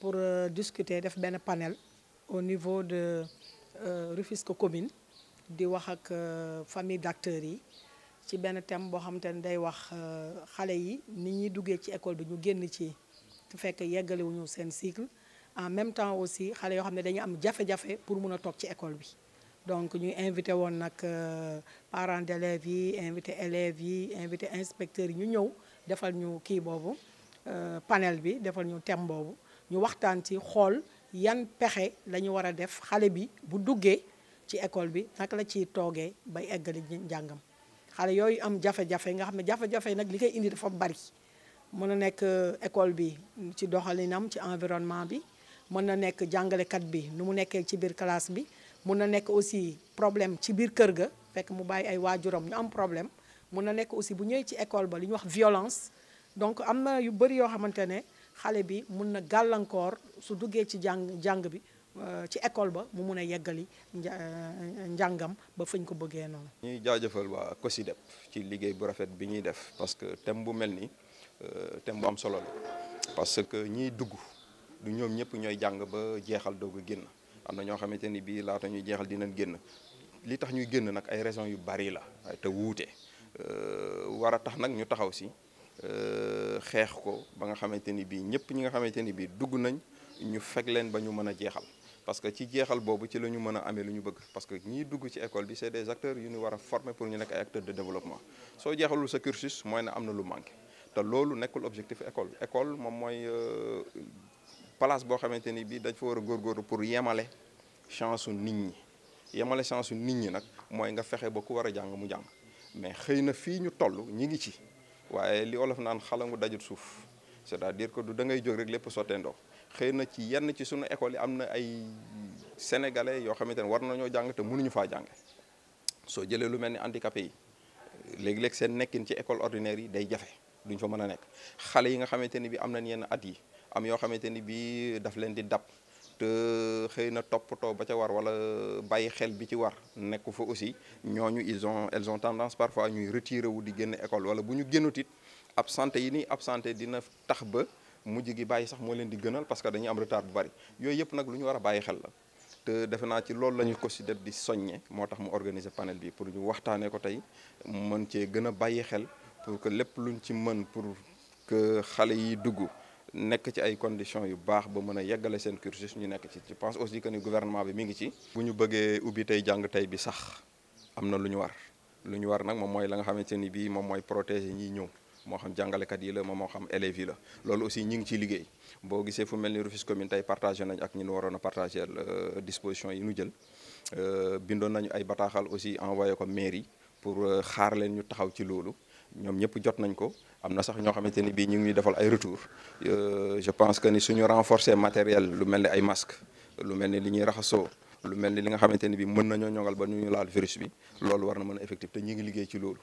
pour euh, discuter de panel au niveau de euh, Rufisque commune de euh, la famille d'acteurs yi ci ben thème bo wax yi ni ñi duggé ci école bi ñu génn ci cycle en même temps aussi xalé yo xam pour mëna école bi donc ñu invité les parents d'élèves yi invité élèves yi inspecteurs ñu ñëw euh, panel bi defal ñu thème boobu ñu waxtaan ci xol yan pexé lañu wara def xalé bi bu duggé ci école bi nak la ci toogee bay eggali njàngam xalé yoy am jafé jafé nga xamné jafé jafé nak nag li koy indi dafa bari mën nek euh, école bi ci doxalinam ci environnement bi mën nek nekk kat bi nu mu ci biir classe bi mun nek aussi problème ci biir kër ga fekk mu bay ay waajuram ñu am problème Mon nek aussi bu ñëw ci école ba li wax violence donc amna yu bari yo xamantene xalé bi mun na su duggé ci jang jang bi euh, ci école ba mu mun a yeggali euh, njàngam ba fañ ko bëggé non ñi jaajeufal wa ko ci liggéey bu rafet bi ñi def parce que thème bu melni euh, thème bu am solo la parce que ñi dugg du ñom ñëpp ñoy jang ba jéxal doog a génn am na ñoo xamante ni bii ñuy dinañ genn li tax ñuy genn nak ay raison yu bari la te wuté war tax nak ñu taxaw ci Euh, xeex ko ba nga xamante ni bii ñëpp ñi nga xamante ni bii dugg nañ ñu fekk leen ba ñu mën a jeexal parce que ci jeexal boobu ci la ñu mën a amee lu ñu bëgg parce que ñiy dugg ci école bi c'est des acteurs yu ñu war a former pour ñu nekk ay acteurs développement soo jeexalul sa cursus mooy ne am na lu manqué te loolu nekkul objectif ecole école moom mooy euh, place boo xamante ni bii dañ fa war a góorgóorlu pour yemale chance su nit ñi yemale chance nit ñi nag mooy nga fexe ba ku war a jàng mu jàng mais xëy na fii ñu toll ñi ngi ci. waaye li olof naan xalangu dajut suuf c'est-à-dire que du da ngay jóg rek lépp sotteendoo xëy na ci yenn ci sunu école yi am na ay sénégalais yoo xamante ne war nañoo jàng te mënuñu faa jàng soo jëlee lu mel ni handicapé yi léegi-léeg seen nekkin ci école ordinaire yi day jafe duñ fa mën a nekk xale yi nga xamante ni bi am nañ yenn at yi am yoo xamante ni bi daf leen di dab te xëy na ba ca war wala baye xel bi ci war nekku fa aussi ñoñu ils ont elles ont tendance parfois ñuy retirer wu di génn école wala buñu ñu génnutit absenté yi nii absenté dina tax ba mujj gi baye sax mo leen di gënal parce que dañuy am retard bu bari yoy yëpp nak luñu wara baye xel la te defe naa ci loolu lañu ñu ko si def di soññe motax mu organiser panel bi pour ñu waxtané ko tay mën cee gën a xel pour que lepp luñ ci mën pour que xalé yi duggu nekk ci ay conditions yu baax ba mën a yeggale seen cursus ñu nekk ci je pense aussi que ni gouvernement bi mi ngi ci. bu ñu bëggee ubbi tey jàng tey bi sax am na lu ñu war lu ñu war nag moom mooy la nga xamante ni bii moom mooy protéger ñiy ñëw moo xam jàngalekat yi la moom moo xam élèves yi la loolu aussi ñi ngi ciy liggéey boo gisee fu mel ni Rufisque commune tey partagé nañ ak ñi nu waroon a partagé euh, disposition yi ñu jël euh, bindoon nañu ay bataaxal aussi envoyé ko mairie pour euh, xaar leen ñu taxaw ci loolu. ñom ñëpp jot nañ ko amna sax ño xamanteni bi ñu ngi defal ay retour euh, je pense que ni suñu renforcer matériel lu melni ay masque lu melni li ñuy raxaso lu melni li nga xamanteni bi mëna ñoo nañoo ba ñu laal virus bi loolu war na mën effectif té ñi ngi liggéey ci loolu.